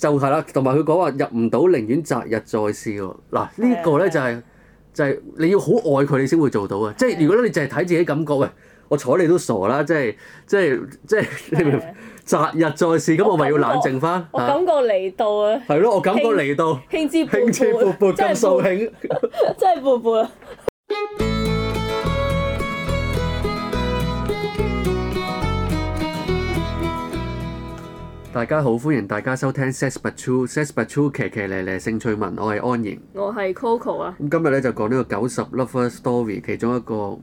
就係啦，同埋佢講話入唔到，寧願擇日再試喎。嗱，這個、呢個咧是的 就係、是、就係、是、你要好愛佢，你先會做到嘅。是的 即係如果你淨係睇自己感覺喂，我睬你都傻啦。即係即係即係，擇日再試咁，我咪要冷靜翻。我感覺嚟到啊！係咯，我感覺嚟到。興致勃勃，真係掃興。真係勃勃。 大家好，歡迎大家收聽《Sex But True》，《Sex But True》騎騎咧咧性趣聞。我係安然，我係 Coco 啊。咁今日咧就講呢個九十 Lover Story 其中一個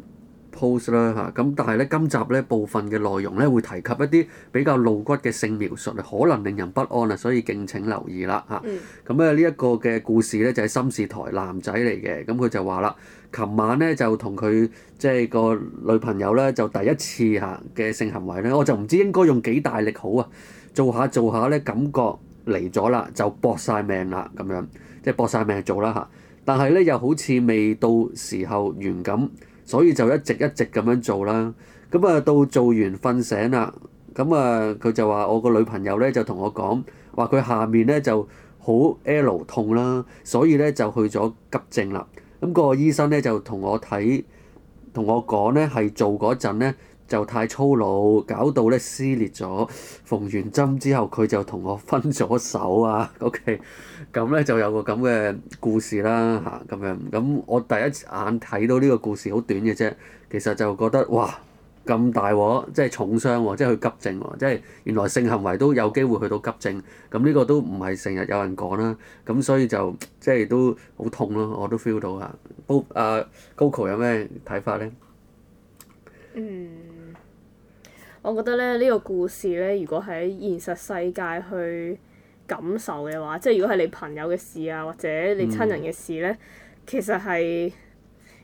post 啦吓。咁但係咧今集咧部分嘅內容咧會提及一啲比較露骨嘅性描述，可能令人不安啊，所以敬請留意啦吓。咁咧呢一個嘅故事咧就係心事台男仔嚟嘅。咁佢就話啦，琴晚咧就同佢即係個女朋友咧就第一次吓嘅性行為咧，我就唔知應該用幾大力好啊。做下做下咧，感覺嚟咗啦，就搏晒命啦咁樣，即係搏晒命做啦嚇。但係咧，又好似未到時候完咁，所以就一直一直咁樣做啦。咁、嗯、啊，到做完瞓醒啦，咁、嗯、啊，佢就話：我個女朋友咧就同我講，話佢下面咧就好 L 痛啦，所以咧就去咗急症啦。咁、嗯個醫生咧就同我睇，同我講咧係做嗰陣咧，就太粗魯，搞到咧撕裂咗，縫完針之後佢就同我分咗手啊。OK，咁咧就有個咁嘅故事啦嚇，咁、啊、樣。咁、啊、我第一眼睇到呢個故事好短嘅啫，其實就覺得哇咁大鑊，即係重傷喎、啊，即係去急症喎、啊，即係原來性行為都有機會去到急症。咁、嗯、呢、這個都唔係成日有人講啦。咁、啊、所以就即係都好痛咯、啊，我都 feel 到嚇、啊。Coco 有咩睇法呢？嗯。我覺得咧呢個故事咧，如果喺現實世界去感受嘅話，即係如果係你朋友嘅事啊，或者你親人嘅事咧，嗯、其實係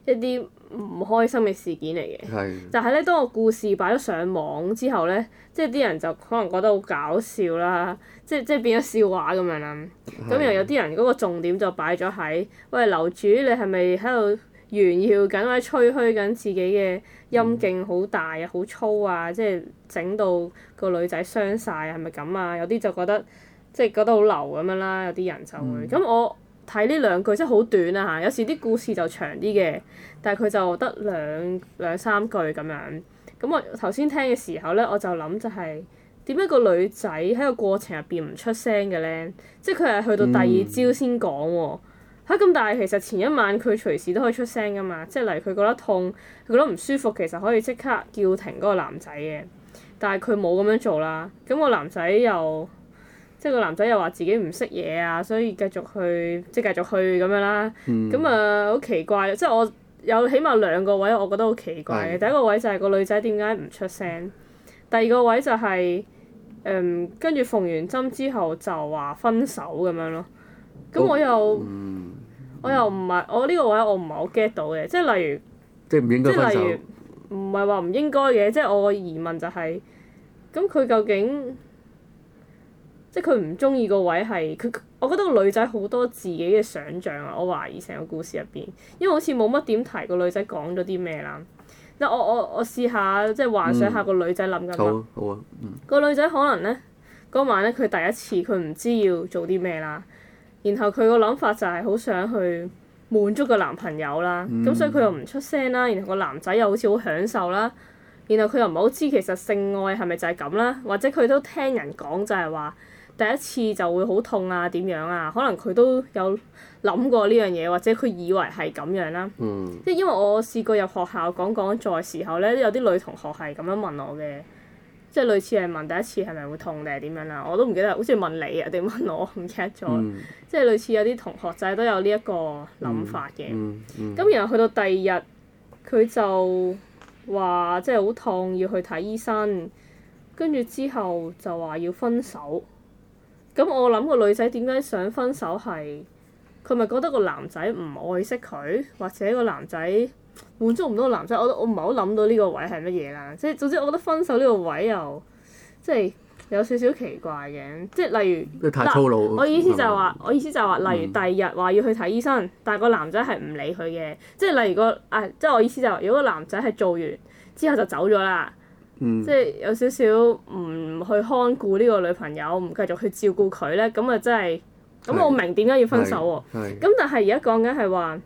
一啲唔開心嘅事件嚟嘅。是但係咧，當個故事擺咗上網之後咧，即係啲人就可能覺得好搞笑啦，即係即係變咗笑話咁樣啦。咁是又有啲人嗰個重點就擺咗喺，喂樓主你係咪喺度炫耀緊或者吹噓緊自己嘅？陰莖好大啊，好粗啊，即係整到個女仔傷晒啊，係咪咁啊？有啲就覺得即係覺得好流咁樣啦、啊，有啲人就會咁、嗯、我睇呢兩句真係好短啊嚇。有時啲故事就長啲嘅，但係佢就得兩兩三句咁樣。咁我頭先聽嘅時候咧，我就諗就係點解個女仔喺個過程入邊唔出聲嘅咧？即係佢係去到第二朝先講喎。嗯嗯。嚇！咁、啊、但係其實前一晚佢隨時都可以出聲噶嘛，即係例如佢覺得痛，佢覺得唔舒服，其實可以即刻叫停嗰個男仔嘅。但係佢冇咁樣做啦。咁、個男仔又即係個男仔又話自己唔識嘢啊，所以繼續去即係繼續去咁樣啦。咁、嗯、啊好奇怪！即係我有起碼兩個位，我覺得好奇怪嘅。的第一個位就係個女仔點解唔出聲？第二個位就係誒跟住縫完針之後就話分手咁樣咯。咁我又。哦嗯我又唔係，我呢個位我唔係好 get 到嘅，即係例如，即係唔應該分手。唔係話唔應該嘅，即係我個疑問就係，咁佢究竟，即係佢唔中意個位係佢，我覺得個女仔好多自己嘅想像啊！我懷疑成個故事入邊，因為好似冇乜點提個女仔講咗啲咩啦。嗱，我我我試下即係幻想下個女仔諗緊乜。好啊，好啊，嗯。個女仔可能咧，嗰晚咧佢第一次佢唔知要做啲咩啦。然後佢個諗法就係好想去滿足個男朋友啦，咁、嗯、所以佢又唔出聲啦。然後個男仔又好似好享受啦。然後佢又唔係好知其實性愛係咪就係咁啦，或者佢都聽人講就係話第一次就會好痛啊，點樣啊？可能佢都有諗過呢樣嘢，或者佢以為係咁樣啦、啊。即係、嗯、因為我試過入學校講講座嘅時候咧，有啲女同學係咁樣問我嘅。即係類似係問第一次係咪會痛定係點樣啦？我都唔記得，好似問你啊定問我，唔記得咗。嗯、即係類似有啲同學仔都有呢一個諗法嘅。咁、嗯嗯、然後去到第二日，佢就話即係好痛，要去睇醫生。跟住之後就話要分手。咁我諗個女仔點解想分手係？佢咪覺得個男仔唔愛惜佢，或者個男仔？滿足唔到個男仔，我我唔係好諗到呢個位係乜嘢啦。即係總之，我覺得分手呢個位又即係有少少奇怪嘅。即係例如，我意思就係話，我意思就係話，例如第二日話要去睇醫生，嗯、但係個男仔係唔理佢嘅。即係例如個誒、啊，即係我意思就係、是，如果個男仔係做完之後就走咗啦，嗯、即係有少少唔去看顧呢個女朋友，唔繼續去照顧佢咧，咁啊真係咁我明點解要分手喎、啊？咁但係而家講緊係話。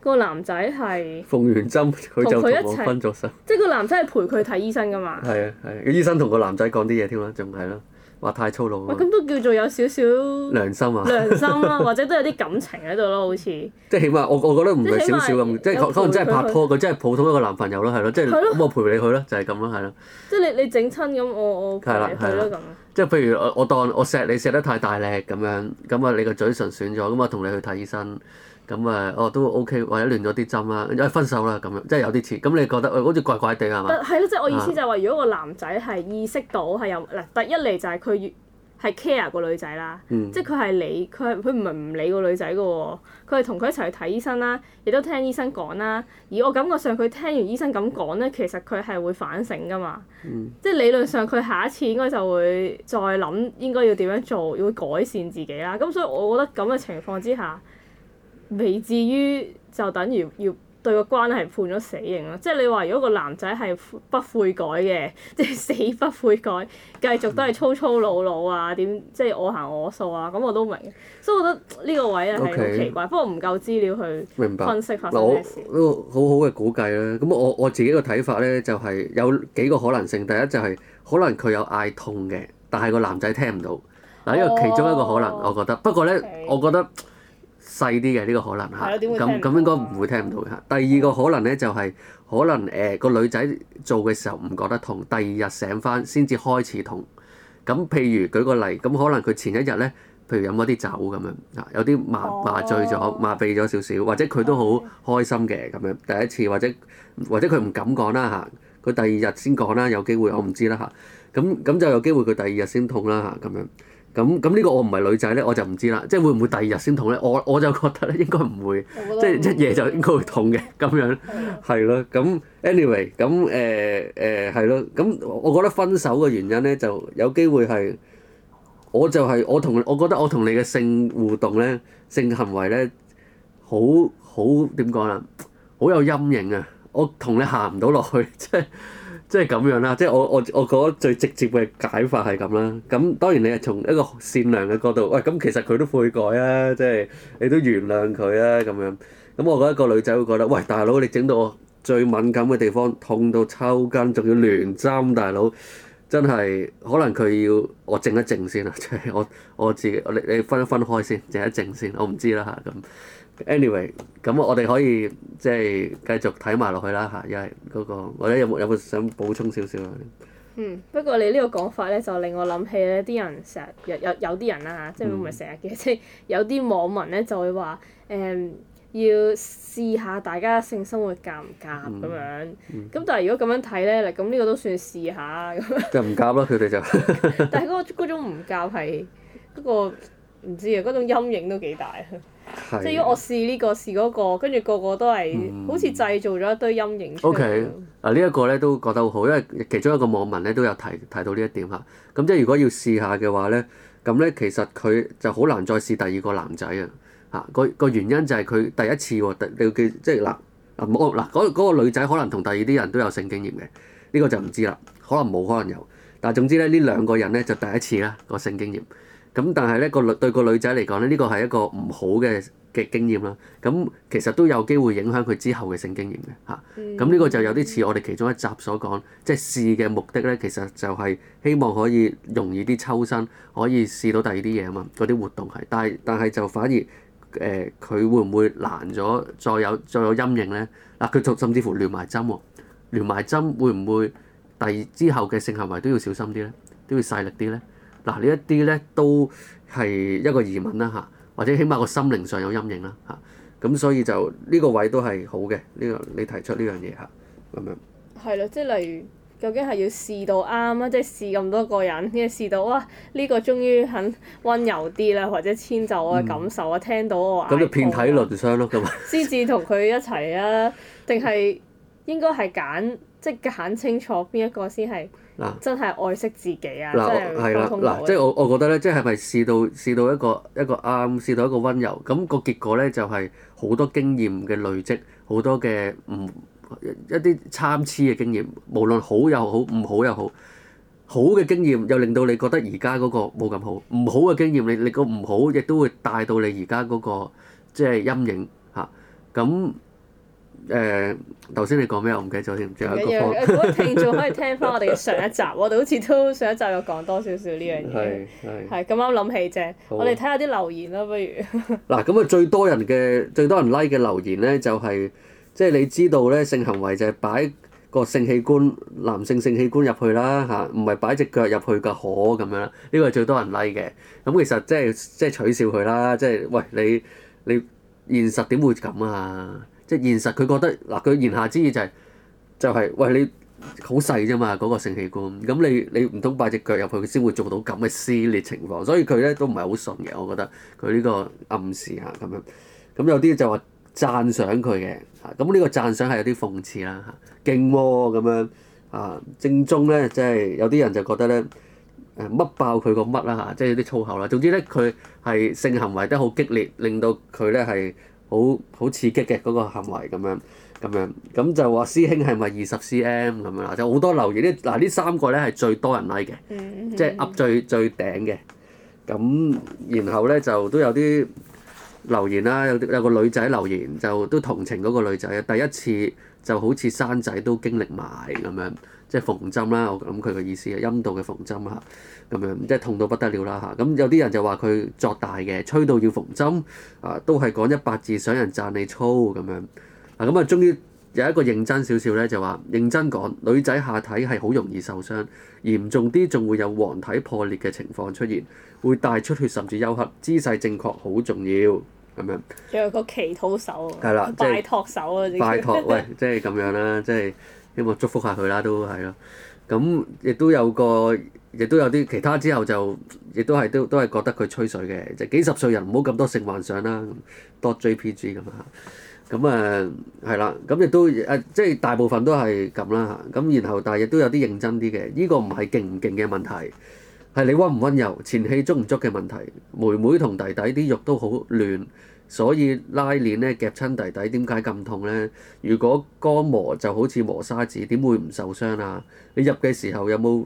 個男仔係，縫完針佢就同我分咗手。即係個男仔係陪佢睇醫生噶嘛？ 係啊係，個醫生同個男仔講啲嘢添啦，就係咯，話太粗魯。哇！咁都叫做有少少良心啊， 良心啊，或者都有啲感情喺度咯，好似。即係起碼我我覺得唔係少少咁，即係可能真係拍拖，佢真係普通一個男朋友咯，係咯，即係咁我陪你去咯，就係咁咯，係咯。即係你你整親咁，我我陪下咯咁。即係譬如我我當我錫你錫得太大力咁樣，咁啊你個嘴唇損咗，咁我同你去睇醫生，咁啊哦都 OK，或者亂咗啲針啦，哎分手啦咁樣，即係有啲似，咁你覺得、哎、好似怪怪地係嘛？係咯，即係我意思就係話，係，如果個男仔係意識到係有嗱，第一嚟就係佢越。係 care 個女仔啦、嗯、唔係唔理個女仔啦、喎，即佢係理佢係佢唔係唔理個女仔嘅喎，佢係同佢一齊去睇醫生啦，亦都聽醫生講啦。而我感覺上佢聽完醫生咁講咧，其實佢係會反省噶嘛，嗯、即理論上佢下一次應該就會再諗應該要點樣做，要改善自己啦。咁所以我覺得咁嘅情況之下，未至於就等於要。對個關係判咗死刑咯，即係你話如果個男仔係不悔改嘅，即係死不悔改，繼續都係粗粗魯魯啊，點即係我行我素啊，咁我都明，所以我覺得呢個位啊係好奇怪，okay, 不過唔夠資料去分析發生咩事。嗱，好好嘅估計啦，咁我我自己嘅睇法咧就係有幾個可能性，第一就係可能佢有嗌痛嘅，但係個男仔聽唔到，嗱呢、oh, 個其中一個可能我覺得，不過咧 okay. 我覺得。細啲嘅呢個可能嚇，咁咁對，咁樣，應該唔會聽唔到嘅嚇。第二個可能咧就係、是、可能誒個、呃、女仔做嘅時候唔覺得痛，第二日醒翻先至開始痛。咁譬如舉個例，咁可能佢前一日咧，譬如飲咗啲酒咁樣，啊有啲麻麻醉咗、oh. 麻痹咗少少，或者佢都好開心嘅咁樣第一次，或者或者佢唔敢講啦嚇，佢第二日先講啦，有機會我唔知啦嚇。咁咁、mm hmm. 就有機會佢第二日先痛啦嚇，咁樣。咁咁呢個我唔係女仔咧，我就唔知啦。即係會唔會第二日先痛咧？我我就覺得咧，應該唔會，即係一夜就應該會痛嘅咁樣，係 咯。咁 anyway，咁誒誒係咯。咁、呃呃、我覺得分手嘅原因咧，就有機會係，我就係、係、我同我覺得我同你嘅性互動咧，性行為咧，好好點講啊？好有陰影啊！我同你行唔到落去即係。 即係咁樣啦，即係我我我覺得最直接嘅解法係咁啦。咁當然你係從一個善良嘅角度，喂咁其實佢都悔改啊，即係你都原諒佢啊咁樣。咁我覺得一個女仔會覺得，喂大佬你整到我最敏感嘅地方，痛到抽筋，仲要亂針，大佬真係可能佢要我靜一靜先啦，即 係我我自己，你你分一分開先，靜一靜先，我唔知啦嚇咁。Anyway，咁我哋可以即係繼續睇埋落去啦吓，又係嗰個或者有冇有冇想補充少少啊？嗯，不過你個呢個講法咧就令我諗起咧，啲人成日有有啲人啦即係唔係成日嘅，即係、嗯、有啲網民咧就會話誒、嗯、要試下大家性生活夾唔夾咁樣，咁、嗯嗯、但係如果咁樣睇咧，嗱咁呢個都算試下咁樣就唔夾咯，佢哋就。 但係嗰個、嗰種唔夾係嗰個唔知啊，嗰種陰影都幾大啊。即係要我試呢個試嗰個，跟住個個都係好似製造咗一堆陰影出嚟。O K. 嗱呢一個咧都覺得好，因為其中一個網民咧都有提提到呢一點嚇。咁、啊嗯、即係如果要試下嘅話咧，咁、嗯、咧其實佢就好難再試第二個男仔啊。嚇個個原因就係佢第一次你要記即係嗱嗱冇嗰個女仔可能同第二啲人都有性經驗嘅，呢個就唔知啦。可能冇可能有，但係總之咧呢兩個人咧就第一次啦個性經驗。咁但係咧個女對個女仔嚟講咧，呢個係一個唔好嘅嘅經驗啦。咁其實都有機會影響佢之後嘅性經驗嘅嚇。咁呢、嗯、個就有啲似我哋其中一集所講，即、就、係、是、試嘅目的咧，其實就係希望可以容易啲抽身，可以試到第二啲嘢啊嘛。嗰啲活動係，但係但係就反而誒，佢、呃、會唔會難咗，再有再有陰影咧？嗱、啊，佢甚至乎亂埋針喎，亂埋針會唔會第二之後嘅性行為都要小心啲咧，都要細力啲咧？嗱呢一啲咧都係一個疑問啦嚇，或者起碼個心靈上有陰影啦嚇，咁、啊、所以就呢個位都係好嘅，呢、呢個你提出呢樣嘢嚇，咁樣。係咯，即係例如究竟係要試到啱啊，即係試咁多個人先試到哇，呢、呢個終於肯温柔啲啦，或者遷就我嘅感受啊，嗯、聽到我話。咁就遍體鱗傷咯，咁啊。先至同佢一齊啊，定係應該係揀即係揀清楚邊一個先係。嗱，啊、真係愛惜自己啊！嗱、啊，係啦，嗱、啊啊，即係我我覺得咧，即係咪試到試到一個一個啱，試到一個温柔，咁、那個結果咧就係、是、好多經驗嘅累積，好多嘅唔、嗯、一啲參差嘅經驗，無論好又好唔好又好，好嘅經驗又令到你覺得而家嗰個冇咁好，唔好嘅經驗，你你個唔好亦都會帶到你而家嗰個即係陰影嚇，咁、啊。誒頭先你講咩我唔記得咗添，仲有個聽眾可以聽翻我哋嘅上一集， 我哋好似都上一集有講多少少呢樣嘢，係咁啱諗起啫。好的 我哋睇下啲留言啦，不如嗱咁啊！最多人嘅最多人 like 嘅留言咧，就係即係你知道咧，性行為就係擺個性器官，男性性器官入去啦嚇，唔係擺隻腳入去㗎可咁樣。呢個係最多人 like 嘅。咁其實即係即係取笑佢啦，即係喂，你你，你現實點會咁啊？即係現實，佢覺得嗱，佢言下之意就係、是、就係、是、喂你好細啫嘛，嗰、那個性器官，咁你你唔通擺隻腳入去，佢先會做到咁嘅撕裂情況，所以佢咧都唔係好順嘅，我覺得佢呢個暗示嚇咁樣，咁、啊嗯、有啲就話讚賞佢嘅嚇，咁、啊、呢、嗯這個讚賞係有啲諷刺啦嚇、啊，勁喎咁樣啊，正宗咧、啊、即係有啲人就覺得咧誒乜爆佢個乜啦嚇，即係有啲粗口啦，總之咧佢係性行為得好激烈，令到佢咧係。好好刺激嘅嗰個行為咁樣，咁樣咁就話師兄係咪二十 CM 咁樣啦？就好多留言咧，嗱呢三個咧係最多人 like 嘅，即係噏最最頂嘅。咁然後咧就都有啲留言啦、啊，有有個女仔留言就都同情嗰個女仔啊，第一次就好似生仔都經歷埋咁樣。即係縫針啦，我諗佢個意思係，陰道嘅縫針啦，咁樣即係痛到不得了啦，吓，咁有啲人就話佢作大嘅，吹到要縫針啊，都係講一百字想人讚你粗咁樣啊。咁啊，終於有一個認真少少咧，就話認真講，女仔下體係好容易受傷，嚴重啲仲會有黃體破裂嘅情況出現，會大出血甚至休克，姿勢正確好重要咁樣。仲有個祈禱手，係啦，拜託手啊，拜託，喂，即係咁樣啦，即係。咁啊，祝福下佢啦，都係咯。咁、嗯、亦都有個，亦都有啲其他之後就，亦都係都都係覺得佢吹水嘅，即係幾十歲人唔好咁多性幻想啦，多 JPG 咁啊。咁誒係啦，咁、嗯、亦、嗯嗯、都誒、嗯，即係大部分都係咁啦嚇。咁、嗯、然後，但係亦都有啲認真啲嘅。呢個唔係勁唔勁嘅問題，係你溫唔温柔、前戲足唔足嘅問題。妹妹同弟弟啲肉都好嫩。所以拉鏈咧夾親弟弟點解咁痛呢？如果乾磨就好似磨砂紙，點會唔受傷啊？你入嘅時候有冇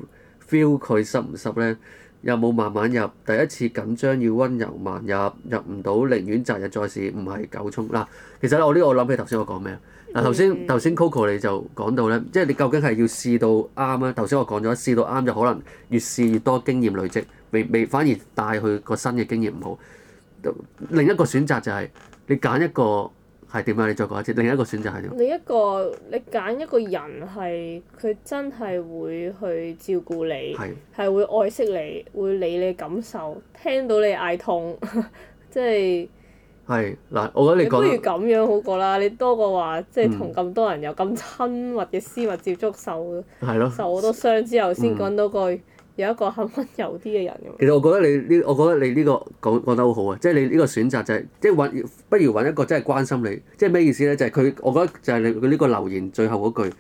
feel 佢濕唔濕呢？有冇慢慢入？第一次緊張要温柔慢入，入唔到寧願擇日再試，唔係狗衝嗱。其實咧，我呢個我諗起頭先我講咩嗱，頭先頭先 Coco 你就講到呢，即係你究竟係要試到啱咧？頭先我講咗，試到啱就可能越試越多經驗累積，未未反而帶去個新嘅經驗唔好。另一個選擇就係、是、你揀一個係點樣？你再講一次。另一個選擇係點？另一個你揀一個人係佢真係會去照顧你，係的會愛惜你，會理你感受，聽到你嗌痛， 即係係嗱，我覺得你，你不如咁樣好過啦。嗯、你多過話即係同咁多人有咁親密嘅私密接觸，受係咯，的受好多傷之後先講到句。嗯有一個肯温柔啲嘅人，其實我覺得你呢，我覺得你呢個講講得好好啊！即係你呢個選擇就係，即係揾，不如揾一個真係關心你。即係咩意思咧？就係佢，我覺得就係你佢呢個留言最後嗰句，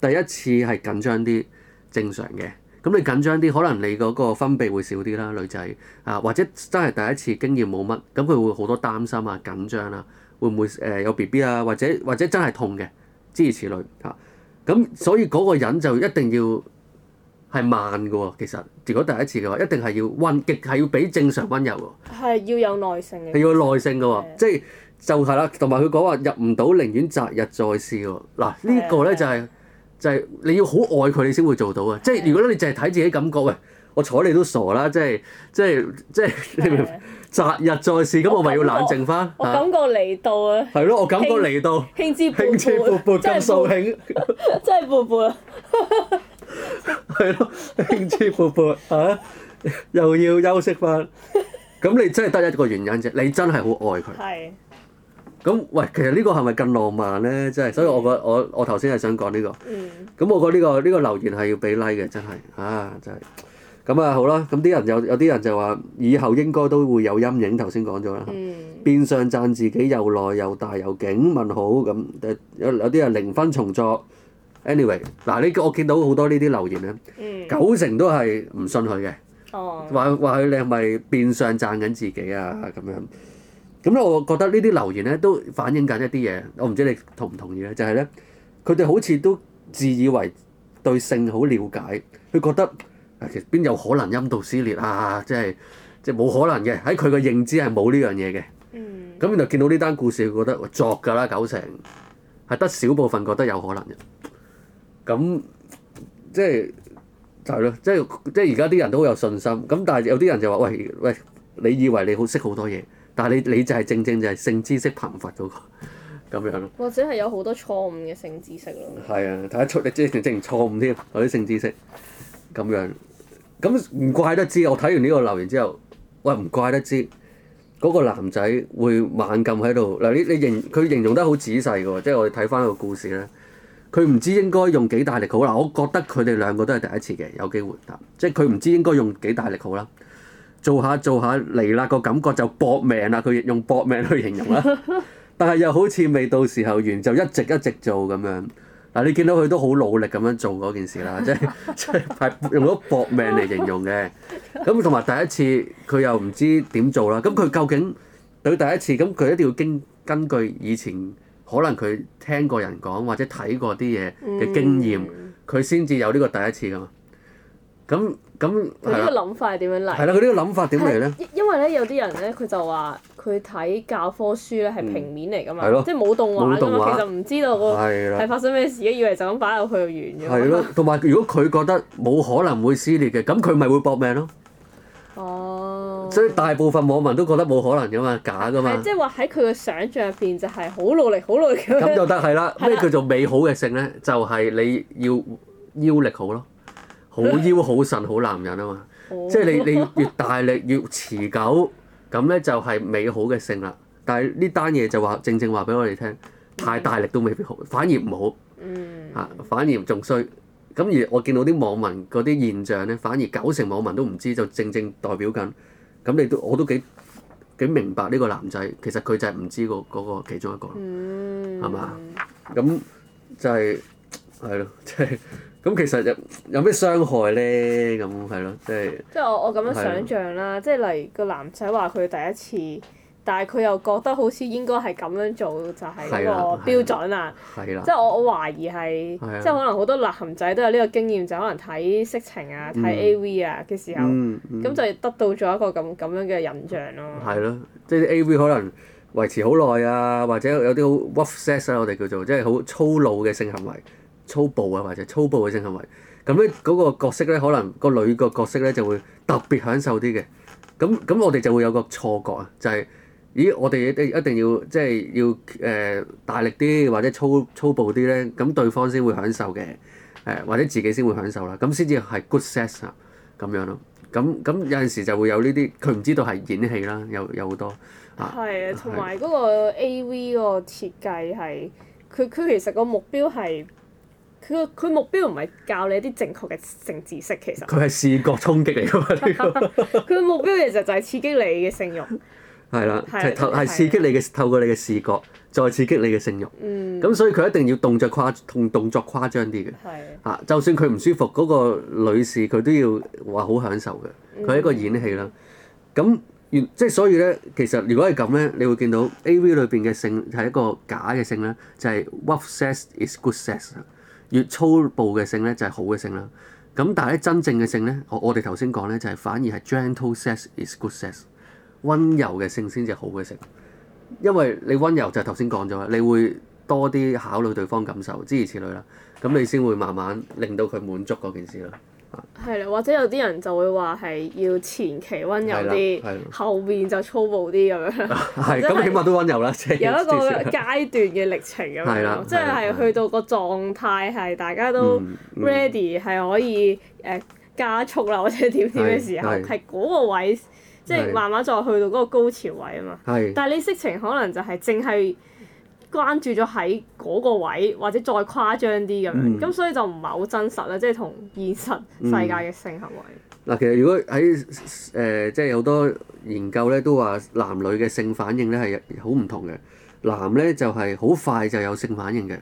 第一次係緊張啲，正常嘅。咁你緊張啲，可能你嗰個分泌會少啲啦，女仔啊，或者真係第一次經驗冇乜，咁佢會好多擔心啊、緊張啊，會唔會誒有 B B 啊？或者或者真係痛嘅，諸如此類嚇。咁所以嗰個人就一定要。係慢嘅喎，其實如果第一次嘅話，一定係要温極係要俾正常温柔喎。係要有耐性嘅。係要有耐性嘅喎，即係就係啦。同埋佢講話入唔到，寧願擇日再試喎。嗱呢個咧就係就係你要好愛佢，你先會做到嘅。即係如果你淨係睇自己感覺嘅，我睬你都傻啦。即係即係即係擇日再試，咁我咪要冷靜返。我感覺嚟到啊。係咯，我感覺嚟到。興致勃勃，真係勃勃。係咯，興致勃勃吓，又要休息翻。咁你真係得一個原因啫，你真係好愛佢 是。係。咁喂，其實呢個係咪更浪漫呢？真係，所以我覺我我頭先係想講呢個。嗯。咁我覺呢個呢個留言係要俾 like 嘅，真係啊，真係。咁啊，好啦，咁啲人有有啲人就話，以後應該都會有陰影。頭先講咗啦。嗯。變相讚自己又耐又大又勁，問好咁。有有啲人零分重作。anyway 嗱，你我見到好多呢啲留言咧，九成都係唔信佢嘅，話話佢你係咪變相讚緊自己啊咁樣。咁咧，我覺得呢啲留言咧都反映緊一啲嘢。我唔知你同唔同意咧，就係咧，佢哋好似都自以為對性好了解，佢覺得啊，其實邊有可能陰道撕裂啊？即係即係冇可能嘅，喺佢嘅認知係冇呢樣嘢嘅。咁然後見到呢單故事，覺得作㗎啦，九成係，得少部分覺得有可能嘅。咁即係就係咯，即係即係而家啲人都好有信心。咁但係有啲人就話：喂喂，你以為你好識好多嘢，但係你你就係正正就係性知識貧乏嗰個咁樣咯。或者係有好多錯誤嘅性知識咯。係啊，睇得出你正正錯誤添有啲性知識咁樣。咁唔怪得知。我睇完呢個留言之後，喂唔怪得知，嗰個男仔會猛撳喺度嗱。你你形佢形容得好仔細㗎喎，即係我哋睇翻個故事咧。佢唔知應該用幾大力好啦，我覺得佢哋兩個都係第一次嘅，有機會。嗱，即係佢唔知應該用幾大力好啦，做下做下嚟啦個感覺就搏命啦，佢用搏命去形容啦。但係又好似未到時候完，就一直一直做咁樣。嗱，你見到佢都好努力咁樣做嗰件事啦，即係即係係用咗搏命嚟形容嘅。咁同埋第一次佢又唔知點做啦，咁佢究竟對第一次，咁佢一定要經根據以前。可能佢聽過人講，或者睇過啲嘢嘅經驗，佢先至有呢個第一次噶嘛。咁咁，佢呢個諗法係點樣嚟？係啦，佢呢個諗法點嚟咧？因為咧，有啲人咧，佢就話佢睇教科書咧係平面嚟噶嘛，嗯、即係冇動畫噶嘛，其實唔知道個係發生咩事嘅，的以為就咁擺落去就完咗。係咯，同埋如果佢覺得冇可能會撕裂嘅，咁佢咪會搏命咯、啊。哦。所以大部分網民都覺得冇可能嘅嘛，假嘅嘛。即係話喺佢嘅想像入邊，就係好努力、好耐嘅。咁就得係啦。咩 的叫做美好嘅性咧？就係、是、你要腰力好咯，好腰好腎好男人啊嘛。即係 你你越大力越持久咁咧，就係美好嘅性啦。但係呢單嘢就話正正話俾我哋聽，太大力都未必好，反而唔好嚇，反而仲衰咁。而我見到啲網民嗰啲現象咧，反而九成網民都唔知，就正正代表緊。咁你都我都幾幾明白呢個男仔，其實佢就係唔知嗰嗰個其中一個，係嘛、嗯？咁就係係咯，即係咁其實有有咩傷害咧？咁係咯，即係、即係即係我我咁樣想像啦，即係了例如個男仔話佢第一次。但係佢又覺得好似應該係咁樣做，就係、係、嗰個標準啦。即係我我懷疑係，的即係可能好多男仔都有呢個經驗，的就可能睇色情啊、睇 A.V. 啊嘅時候，咁、嗯嗯、就得到咗一個咁咁樣嘅印象咯。係咯、啊，即係 A.V. 可能維持好耐啊，或者有啲好 rough sex、啊、我哋叫做即係好粗魯嘅性行為、粗暴啊或者粗暴嘅性行為。咁咧，嗰個角色咧，可能個女個角色咧就會特別享受啲嘅。咁咁我哋就會有個錯覺啊，就係、係。咦！我哋一定要即係要誒、呃、大力啲或者粗粗暴啲咧，咁對方先會享受嘅誒、呃，或者自己先會享受啦，咁先至係 good sex 啊咁樣咯。咁咁有陣時就會有呢啲，佢唔知道係演戲啦，有有好多啊。係啊，同埋嗰個 A.V. 嗰個設計係，佢佢其實個目標係佢佢目標唔係教你一啲正確嘅性知識，其實佢係視覺衝擊嚟㗎嘛。佢 目標其實就係刺激你嘅性慾。係啦，係透刺激你嘅透過你嘅視覺，再刺激你嘅性欲。嗯。咁所以佢一定要動作誇同動作誇張啲嘅。係的。嚇、啊，就算佢唔舒服，嗰、那個女士佢都要話好享受嘅。佢係一個演戲啦。咁、嗯、原即係所以咧，其實如果係咁咧，你會見到 A.V. 裏邊嘅性係一個假嘅性咧，就係、是、Rough sex is good sex？越粗暴嘅性咧就係、是、好嘅性啦。咁但係咧真正嘅性咧，我我哋頭先講咧就係反而係 Gentle sex is good sex。温柔嘅性先至好嘅性，因為你温柔就係頭先講咗啦，你會多啲考慮對方感受，諸如此類啦，咁你先會慢慢令到佢滿足嗰件事啦。係啦，或者有啲人就會話係要前期温柔啲，後面就粗暴啲咁樣。係，咁起碼都温柔啦。有一個階段嘅歷程咁樣，即係去到個狀態係大家都 ready 係可以誒加速啦或者點點嘅時候，係嗰個位。即係慢慢再去到嗰個高潮位啊嘛，是但係你色情可能就係淨係關注咗喺嗰個位，或者再誇張啲咁樣，咁、嗯、所以就唔係好真實啦，即係同現實世界嘅性行為。嗱、嗯，其實如果喺誒、呃、即係好多研究咧，都話男女嘅性反應咧係好唔同嘅，男咧就係、是、好快就有性反應嘅，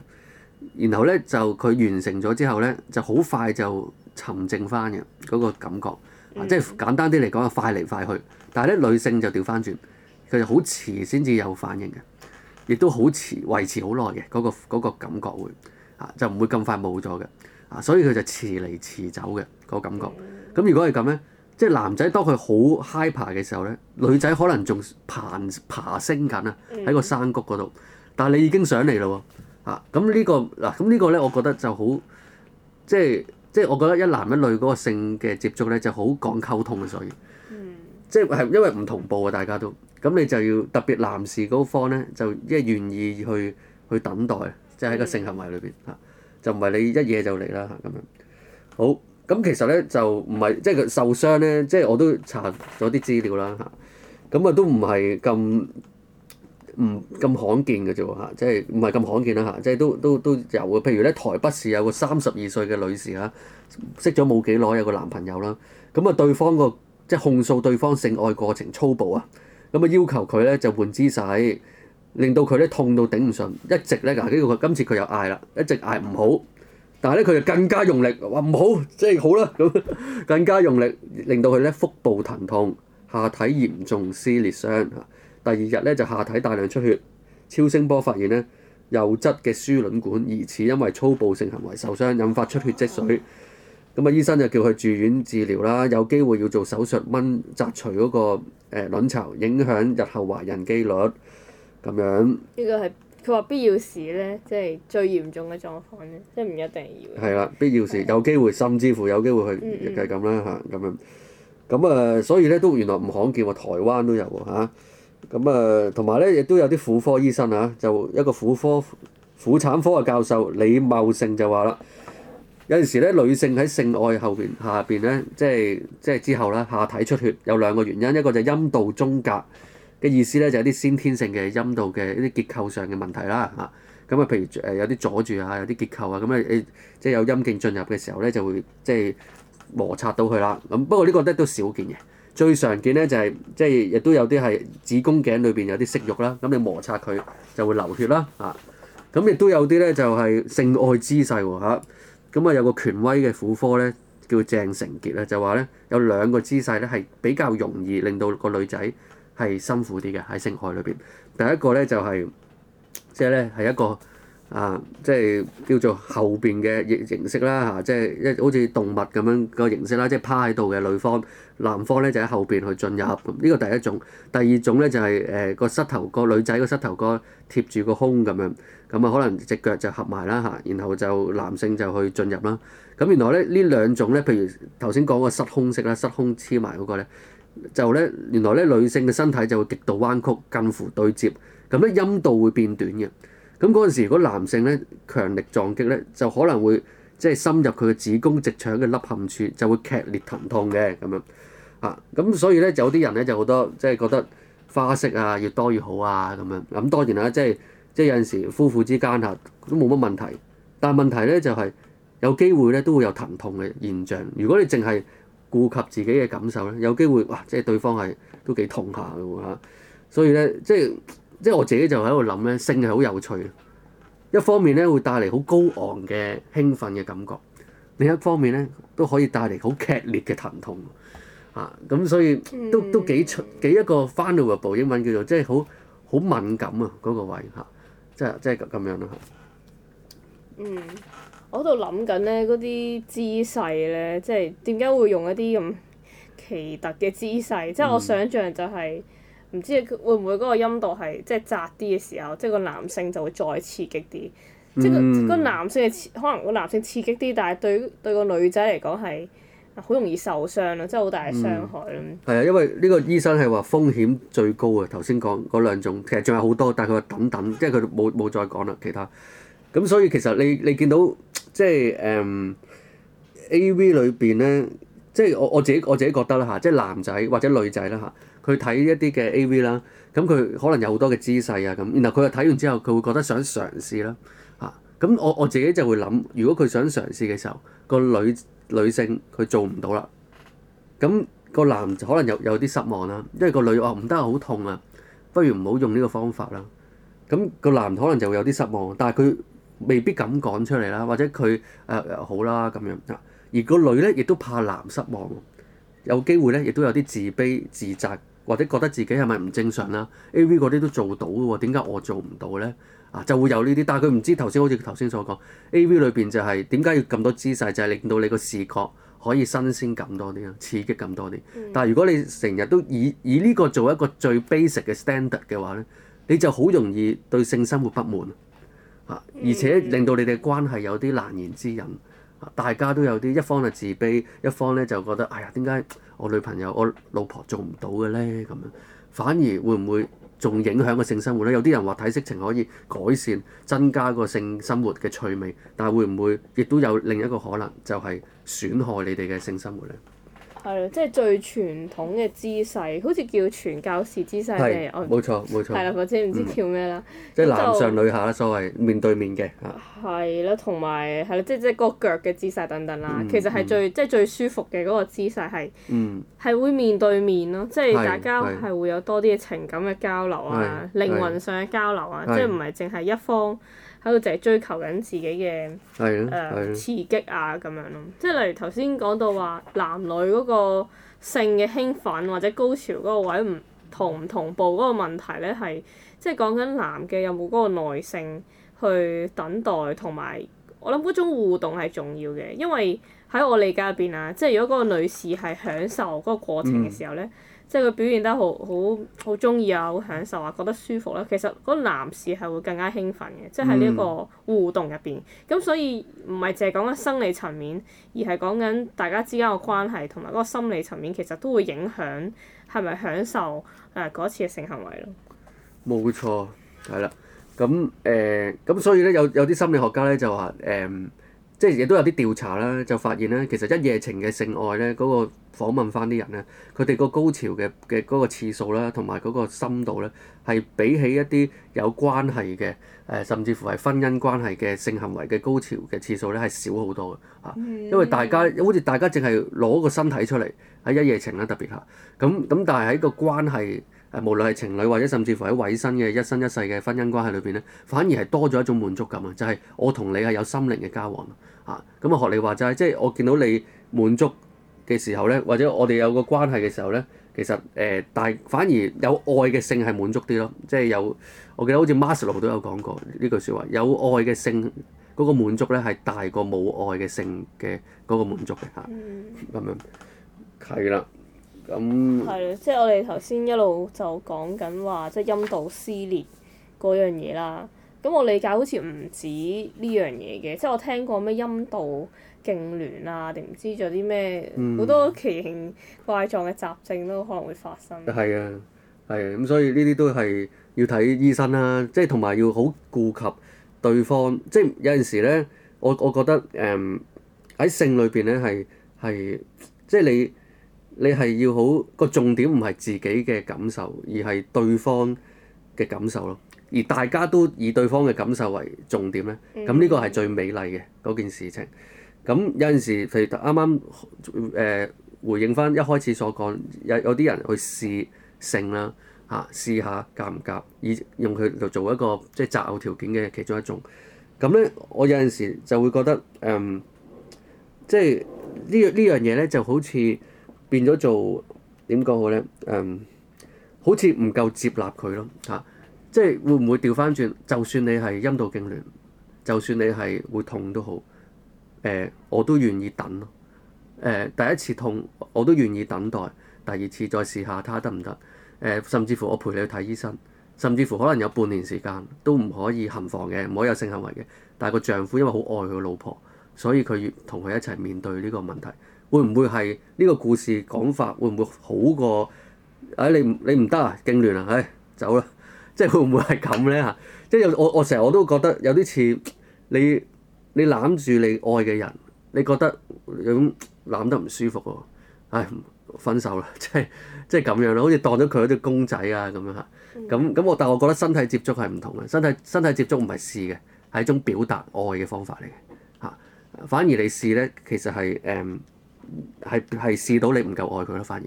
然後咧就佢完成咗之後咧就好快就沉靜翻嘅嗰個感覺。啊、即係簡單啲嚟講啊，mm. 快嚟快去。但係咧，女性就掉翻轉，佢就好遲先至有反應嘅，亦都好遲維持好耐嘅嗰個嗰、嗰個感覺會啊，就唔會咁快冇咗嘅啊，所以佢就遲嚟遲走嘅、嗰個感覺。咁、mm. 啊、如果係咁咧，即係男仔當佢好 high 爬嘅時候咧，女仔可能仲爬爬升緊啊，喺個山谷嗰度，mm. 但係你已經上嚟啦喎啊！咁、呢個啊、呢個嗱，咁呢個咧，我覺得就好即係。即係我覺得一男一女嗰個性嘅接觸咧，就好講溝通嘅。所以，嗯、即係係因為唔同步啊，大家都咁，你就要特別男士嗰方咧，就一願意去去等待，即係喺個性行為裏邊嚇，嗯、就唔係你一夜就嚟啦嚇咁樣。好，咁其實咧就唔係，即係佢受傷咧，即係我都查咗啲資料啦嚇，咁啊都唔係咁。唔咁罕見嘅啫喎嚇，即係唔係咁罕見啦嚇，即係都都都有嘅。譬如咧，台北市有個三十二歲嘅女士嚇，識咗冇幾耐有個男朋友啦，咁啊對方個即係控訴對方性愛過程粗暴啊，咁啊要求佢咧就換姿勢，令到佢咧痛到頂唔順，一直咧，嗱，呢個今次佢又嗌啦，一直嗌唔好，但係咧佢就更加用力話唔好，即係好啦咁，更加用力令到佢咧腹部疼痛、下體嚴重撕裂傷啊。第二日咧就下體大量出血，超聲波發現呢，右側嘅輸卵管疑似因為粗暴性行為受傷，引發出血積水。咁啊，醫生就叫佢住院治療啦。有機會要做手術掹摘除嗰個卵巢，影響日後懷孕機率。咁樣呢個係佢話必要時呢，即係最嚴重嘅狀況呢，即係唔一定要係啦。必要時有機會，甚至乎有機會去亦係咁啦嚇。咁樣咁啊，所以咧都原來唔罕見喎，台灣都有嚇、啊。咁啊，同埋咧，亦都有啲婦科醫生啊，就一個婦科婦產科嘅教授李茂盛就話啦，有陣時咧，女性喺性愛後邊下邊咧，即係即係之後咧，下體出血有兩個原因，一個就陰道中隔嘅意思咧，就係、係、啲先天性嘅陰道嘅一啲結構上嘅問題啦嚇。咁啊，譬、啊、如誒、呃、有啲阻住啊，有啲結構啊，咁啊誒，即係有陰莖進入嘅時候咧，就會即係摩擦到佢啦。咁、啊、不過個呢個咧都少見嘅。最常見咧就係即係亦都有啲係子宮頸裏邊有啲息肉啦，咁你摩擦佢就會流血啦，啊，咁亦都有啲咧就係性愛姿勢喎，嚇、啊，咁啊有個權威嘅婦科咧叫鄭成傑咧就話咧有兩個姿勢咧係比較容易令到個女仔係辛苦啲嘅喺性愛裏邊，第一個咧就係即係咧係一個。啊，即係叫做後邊嘅形形式啦嚇、啊，即係一好似動物咁樣個形式啦，即係趴喺度嘅女方，男方咧就喺後邊去進入，呢、這個第一種。第二種咧就係、是、誒、呃、個膝頭個女仔個膝頭哥貼住個胸咁樣，咁、嗯、啊可能隻腳就合埋啦嚇，然後就男性就去進入啦。咁、嗯、原來咧呢兩種咧，譬如頭先講個膝胸式啦，膝胸黐埋嗰個咧，就咧原來咧女性嘅身體就會極度彎曲，近乎對摺。咁咧陰道會變短嘅。咁嗰陣時，如果男性咧強力撞擊咧，就可能會即係深入佢嘅子宮直腸嘅凹陷處，就會劇烈疼痛嘅咁樣啊。咁所以咧，有啲人咧就好多即係覺得花式啊，越多越好啊咁樣。咁、啊、當然啦，即係即係有陣時夫婦之間嚇都冇乜問題，但係問題咧就係、是、有機會咧都會有疼痛嘅現象。如果你淨係顧及自己嘅感受咧，有機會哇，即係對方係都幾痛下㗎喎、啊、所以咧，即係。即係我自己就喺度諗咧，性係好有趣。一方面咧會帶嚟好高昂嘅興奮嘅感覺，另一方面咧都可以帶嚟好劇烈嘅疼痛。啊，咁所以都都幾出幾一個 vulnerable 英文叫做即係好好敏感啊嗰、那個位嚇、啊，即係即係咁樣咯，嗯，我喺度諗緊咧嗰啲姿勢咧，即係點解會用一啲咁奇特嘅姿勢？即係我想象就係、是。嗯唔知會唔會嗰個陰道係即係窄啲嘅時候，即係個男性就會再刺激啲，嗯、即係個男性嘅可能個男性刺激啲，但係對對個女仔嚟講係好容易受傷啦，即係好大嘅傷害啦。係啊、嗯，因為呢個醫生係話風險最高啊。頭先講嗰兩種，其實仲有好多，但係佢話等等，即係佢冇冇再講啦其他。咁所以其實你你見到即係誒 A V 裏邊咧，即係、um, 我我自己我自己覺得啦吓，即係男仔或者女仔啦吓。佢睇一啲嘅 A.V. 啦、啊，咁佢可能有好多嘅姿勢啊咁，然後佢睇完之後，佢會覺得想嘗試啦、啊，嚇、啊，咁我我自己就會諗，如果佢想嘗試嘅時候，個女女性佢做唔到啦，咁、個男就可能有有啲失望啦、啊，因為個女哦唔得啊好痛啊，不如唔好用呢個方法啦，咁、個男可能就會有啲失望，但係佢未必敢講出嚟啦，或者佢誒、啊啊、好啦、啊、咁樣而個女咧亦都怕男失望，有機會咧亦都有啲自卑自責。或者覺得自己係咪唔正常啦、啊？A.V. 嗰啲都做到嘅喎、哦，點解我做唔到咧？啊，就會有呢啲，但係佢唔知頭先好似頭先所講 A.V. 裏邊就係點解要咁多姿勢，就係、是、令到你個視覺可以新鮮感多啲啊，刺激感多啲。但係如果你成日都以以呢個做一個最 basic 嘅 standard 嘅話咧，你就好容易對性生活不滿啊，而且令到你哋關係有啲難言之隱。大家都有啲一,一方就自卑，一方咧就覺得，哎呀，點解我女朋友、我老婆做唔到嘅咧？咁樣反而會唔會仲影響個性生活咧？有啲人話睇色情可以改善、增加個性生活嘅趣味，但係會唔會亦都有另一個可能，就係、是、損害你哋嘅性生活咧？係，即係最傳統嘅姿勢，好似叫傳教士姿勢嘅，我係啦或者唔知叫咩啦。即係男上女下啦，所謂面對面嘅。係啦，同埋係啦，即係即係嗰個腳嘅姿勢等等啦。其實係最即係最舒服嘅嗰個姿勢係係會面對面咯，即係大家係會有多啲嘅情感嘅交流啊，靈魂上嘅交流啊，即係唔係淨係一方。喺度淨係追求緊自己嘅誒的、呃、刺激啊，咁樣咯，即係例如頭先講到話男女嗰個性嘅興奮或者高潮嗰個位唔同唔同步嗰個問題咧，係即係講緊男嘅有冇嗰個耐性去等待，同埋我諗嗰種互動係重要嘅，因為喺我理解入邊啊，即係如果嗰個女士係享受嗰個過程嘅時候咧。嗯即係佢表現得好好好中意啊，好享受啊，覺得舒服咧、啊。其實嗰男士係會更加興奮嘅，即係喺呢個互動入邊。咁、嗯、所以唔係淨係講緊生理層面，而係講緊大家之間嘅關係同埋嗰個心理層面，其實都會影響係咪享受誒嗰、呃、次嘅性行為咯。冇錯，係啦。咁誒咁，呃、所以咧有有啲心理學家咧就話誒。呃即係亦都有啲調查啦，就發現咧，其實一夜情嘅性愛咧，嗰、那個訪問返啲人咧，佢哋個高潮嘅嘅嗰個次數啦，同埋嗰個深度咧，係比起一啲有關係嘅誒，甚至乎係婚姻關係嘅性行為嘅高潮嘅次數咧，係少好多嘅嚇。嗯、因為大家好似大家淨係攞個身體出嚟喺一夜情啦，特別嚇。咁咁，但係喺個關係誒，無論係情侶或者甚至乎喺委身嘅一生一世嘅婚姻關係裏邊咧，反而係多咗一種滿足感啊！就係、是、我同你係有心靈嘅交往。啊，咁啊學你話齋，即係我見到你滿足嘅時候咧，或者我哋有個關係嘅時候咧，其實誒、呃，但係反而有愛嘅性係滿足啲咯，即係有我記得好似 m a 馬斯洛都有講過呢句説話，有愛嘅性嗰個滿足咧係大過冇愛嘅性嘅嗰個滿足嘅嚇，咁、啊嗯、樣係啦，咁係即係我哋頭先一路就講緊話，即係、就是、陰道撕裂嗰樣嘢啦。咁我理解好似唔止呢樣嘢嘅，即係我聽過咩陰道痙攣啊，定唔知仲有啲咩，好多奇形怪狀嘅雜症都可能會發生。係啊，係啊，咁所以呢啲都係要睇醫生啦，即係同埋要好顧及對方，即係有陣時咧，我我覺得誒喺、嗯、性裏邊咧係係即係你你係要好，個重點唔係自己嘅感受，而係對方嘅感受咯。而大家都以對方嘅感受為重點咧，咁呢、mm hmm. 個係最美麗嘅嗰件事情。咁有陣時，譬如啱啱誒回應翻一開始所講，有有啲人去試性啦，嚇、啊、試下夾唔夾，以用佢嚟做一個即係擇偶條件嘅其中一種。咁咧，我有陣時就會覺得，誒、嗯，即係呢呢樣嘢咧，就好似變咗做點講好咧？誒、嗯，好似唔夠接納佢咯，嚇、啊。即係會唔會調翻轉？就算你係陰道痙攣，就算你係會痛都好，誒、呃，我都願意等咯。誒、呃，第一次痛我都願意等待，第二次再試下睇下得唔得。誒、呃，甚至乎我陪你去睇醫生，甚至乎可能有半年時間都唔可以行房嘅，唔可以有性行為嘅。但係個丈夫因為好愛佢老婆，所以佢同佢一齊面對呢個問題。會唔會係呢個故事講法會唔會好過？誒、哎，你唔你唔得啊，痙攣啊，唉、哎，走啦！即係會唔會係咁咧嚇？即係有我我成日我都覺得有啲似你你攬住你愛嘅人，你覺得咁攬得唔舒服喎？唉，分手啦！即係即係咁樣啦，好似當咗佢係隻公仔啊咁樣嚇。咁咁我但係我覺得身體接觸係唔同嘅，身體身體接觸唔係試嘅，係一種表達愛嘅方法嚟嘅嚇。反而你試咧，其實係誒係係試到你唔夠愛佢啦，反而。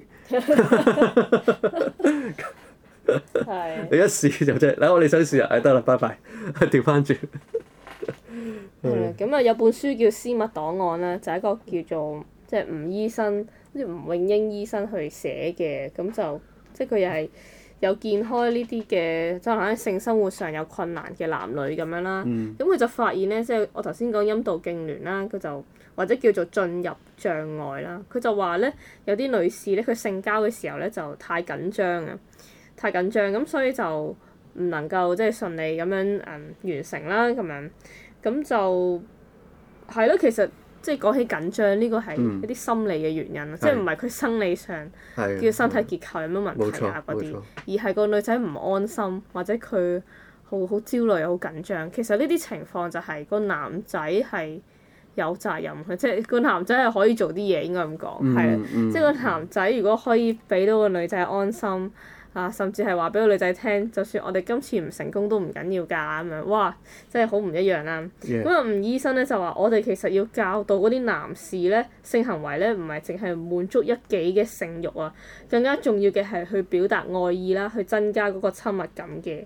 你一試就真係，嗱我哋想試下，誒得啦，拜拜，調翻轉。咁啊，有本書叫《私密檔案》啦，就係、是、一個叫做即係吳醫生，即、就、吳、是、永英醫生去寫嘅，咁就即佢又係有見開呢啲嘅，即喺性生活上有困難嘅男女咁樣啦。咁佢、嗯嗯、就發現咧，即、就是、我頭先講陰道痙攣啦，佢就或者叫做進入障礙啦，佢就話咧有啲女士咧，佢性交嘅時候咧就太緊張啊。太緊張咁，所以就唔能夠即係順利咁樣嗯完成啦，咁樣咁就係咯。其實即係講起緊張呢個係一啲心理嘅原因，即係唔係佢生理上叫身體結構有咩問題啊嗰啲，而係個女仔唔安心或者佢好好焦慮又好緊張。其實呢啲情況就係個男仔係有責任嘅，即係個男仔係可以做啲嘢應該咁講，係即係個男仔如果可以俾到個女仔安心。啊，甚至係話俾個女仔聽，就算我哋今次唔成功都唔緊要㗎咁樣，哇，真係好唔一樣啦。咁啊，Yeah. 吳醫生咧就話，我哋其實要教導嗰啲男士咧，性行為咧唔係淨係滿足一己嘅性慾啊，更加重要嘅係去表達愛意啦，去增加嗰個親密感嘅。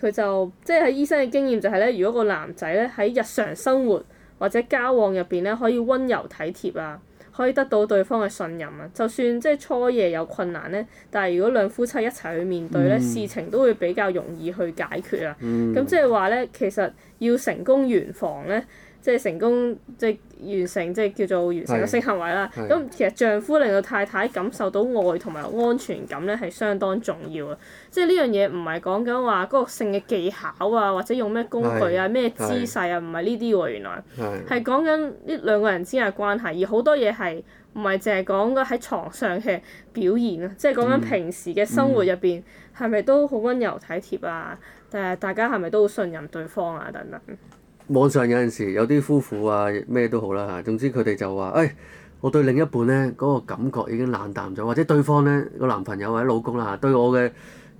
佢就即係喺醫生嘅經驗就係咧，如果個男仔咧喺日常生活或者交往入邊咧，可以温柔體貼啊。可以得到對方嘅信任啊！就算即係初夜有困難咧，但係如果兩夫妻一齊去面對咧，嗯、事情都會比較容易去解決啊！咁即係話咧，其實要成功圓房咧。即係成功，即係完成，即係叫做完成個性行為啦。咁其實丈夫令到太太感受到愛同埋安全感咧，係相當重要啊。即係呢樣嘢唔係講緊話嗰個性嘅技巧啊，或者用咩工具啊、咩是姿勢啊，唔係呢啲喎。原來係講緊呢兩個人之間嘅關係，而好多嘢係唔係淨係講緊喺床上嘅表現咯。即係講緊平時嘅生活入邊，係咪、嗯嗯、都好溫柔體貼啊？但係大家係咪都好信任對方啊？等等。網上有陣時有啲夫婦啊，咩都好啦。總之佢哋就話：誒、哎，我對另一半咧嗰、那個感覺已經冷淡咗，或者對方咧、那個男朋友或者老公啦、啊，對我嘅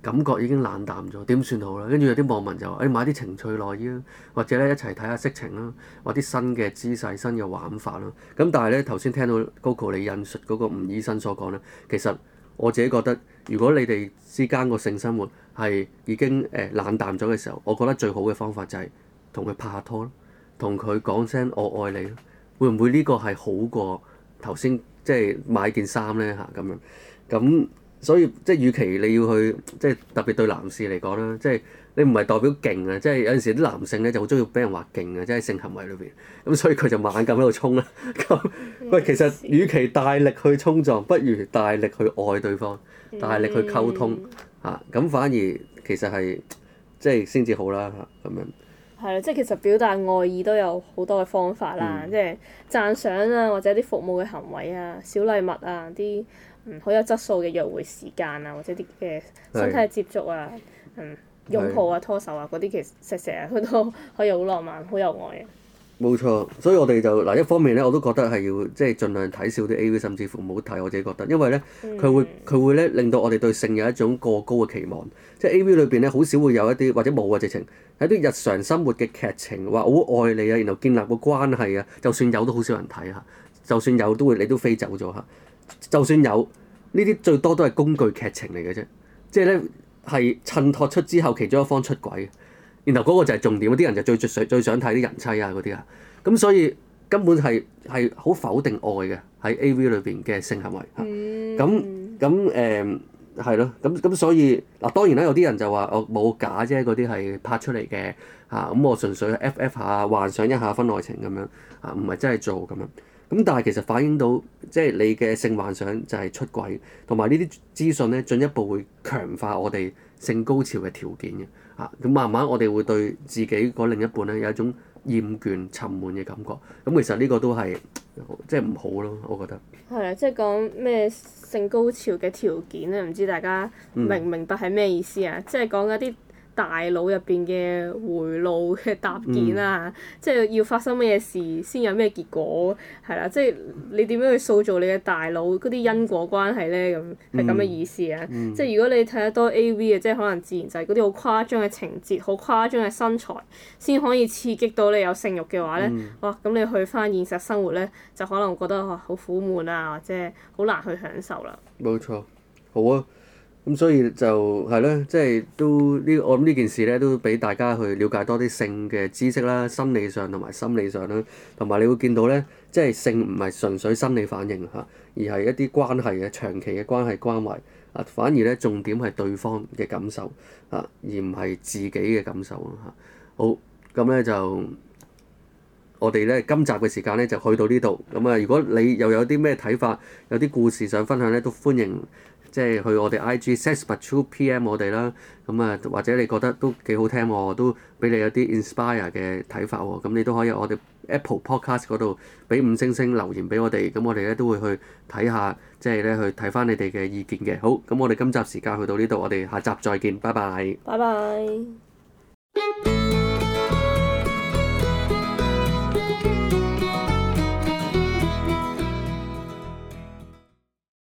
感覺已經冷淡咗，點算好咧？跟住有啲網民就話：誒、哎、買啲情趣內衣啊，或者咧一齊睇下色情啊，或者新嘅姿勢、新嘅玩法啦、啊。咁但係咧頭先聽到 Coco 你引述嗰個吳醫生所講咧，其實我自己覺得，如果你哋之間個性生活係已經誒冷淡咗嘅時候，我覺得最好嘅方法就係、是。同佢拍下拖咯，同佢講聲我愛你咯，會唔會呢個係好過頭先即係買件衫咧嚇咁樣？咁所以即係與其你要去即係特別對男士嚟講啦，即係你唔係代表勁啊！即係有陣時啲男性咧就好中意俾人話勁啊，即係性行為裏邊咁，所以佢就猛咁喺度衝啦。咁喂，其實與其大力去衝撞，不如大力去愛對方，大力去溝通嚇，咁、啊、反而其實係即係先至好啦咁、啊、樣。係咯，即係其實表達愛意都有好多嘅方法啦，嗯、即係讚賞啊，或者啲服務嘅行為啊，小禮物啊，啲嗯好有質素嘅約會時間啊，或者啲嘅身體接觸啊，對嗯擁抱啊，拖手啊，嗰啲對其實成成日佢都可以好浪漫，好有愛嘅。冇錯，所以我哋就嗱一方面咧，我都覺得係要即係盡量睇少啲 AV，甚至乎唔好睇。我自己覺得，因為咧佢會佢會咧令到我哋對性有一種過高嘅期望。即係 AV 裏邊咧，好少會有一啲或者冇啊，直情係啲日常生活嘅劇情，話好愛你啊，然後建立個關係啊，就算有都好少人睇嚇，就算有都會你都飛走咗嚇，就算有呢啲最多都係工具劇情嚟嘅啫，即係咧係襯托出之後其中一方出軌。然後嗰個就係重點，啲人就最最最想睇啲人妻啊嗰啲啊，咁所以根本係係好否定愛嘅喺 A.V. 裏邊嘅性行為。咁咁誒係咯，咁咁、嗯、所以嗱當然啦，有啲人就話我冇假啫，嗰啲係拍出嚟嘅嚇，咁我純粹 F.F. 下幻想一下婚外情咁樣嚇，唔係真係做咁樣。咁但係其實反映到即係、就是、你嘅性幻想就係出軌，同埋呢啲資訊咧進一步會強化我哋性高潮嘅條件嘅。嚇！咁慢慢我哋會對自己嗰另一半咧有一種厭倦、沉悶嘅感覺。咁其實呢個都係即係唔好咯，我覺得。係啊，即係講咩性高潮嘅條件咧？唔知大家明唔明白係咩意思啊？嗯、即係講嗰啲。大腦入邊嘅回路嘅搭建啊，嗯、即係要發生乜嘢事先有咩結果，係啦，即係你點樣去塑造你嘅大腦嗰啲因果關係咧？咁係咁嘅意思啊！嗯、即係如果你睇得多 AV 啊，即係可能自然就係嗰啲好誇張嘅情節、好誇張嘅身材，先可以刺激到你有性欲嘅話咧，嗯、哇！咁你去翻現實生活咧，就可能覺得好苦悶啊，或者好難去享受啦。冇錯，好啊。咁所以就係咧，即係都呢，我諗呢件事咧都俾大家去了解多啲性嘅知識啦，心理上同埋生理上啦，同埋你會見到咧，即係性唔係純粹心理反應嚇、啊，而係一啲關係嘅長期嘅關係關懷啊，反而咧重點係對方嘅感受啊，而唔係自己嘅感受啊嚇。好，咁咧就我哋咧今集嘅時間咧就去到呢度。咁啊，如果你又有啲咩睇法，有啲故事想分享咧，都歡迎。即係去我哋 IG sex PM 我哋啦，咁啊或者你覺得都幾好聽喎、哦，都俾你有啲 inspire 嘅睇法喎、哦，咁你都可以喺我哋 Apple Podcast 度俾五星星留言俾我哋，咁我哋咧都會去睇下，即係咧去睇返你哋嘅意見嘅。好，咁我哋今集時間去到呢度，我哋下集再見，拜拜，拜拜。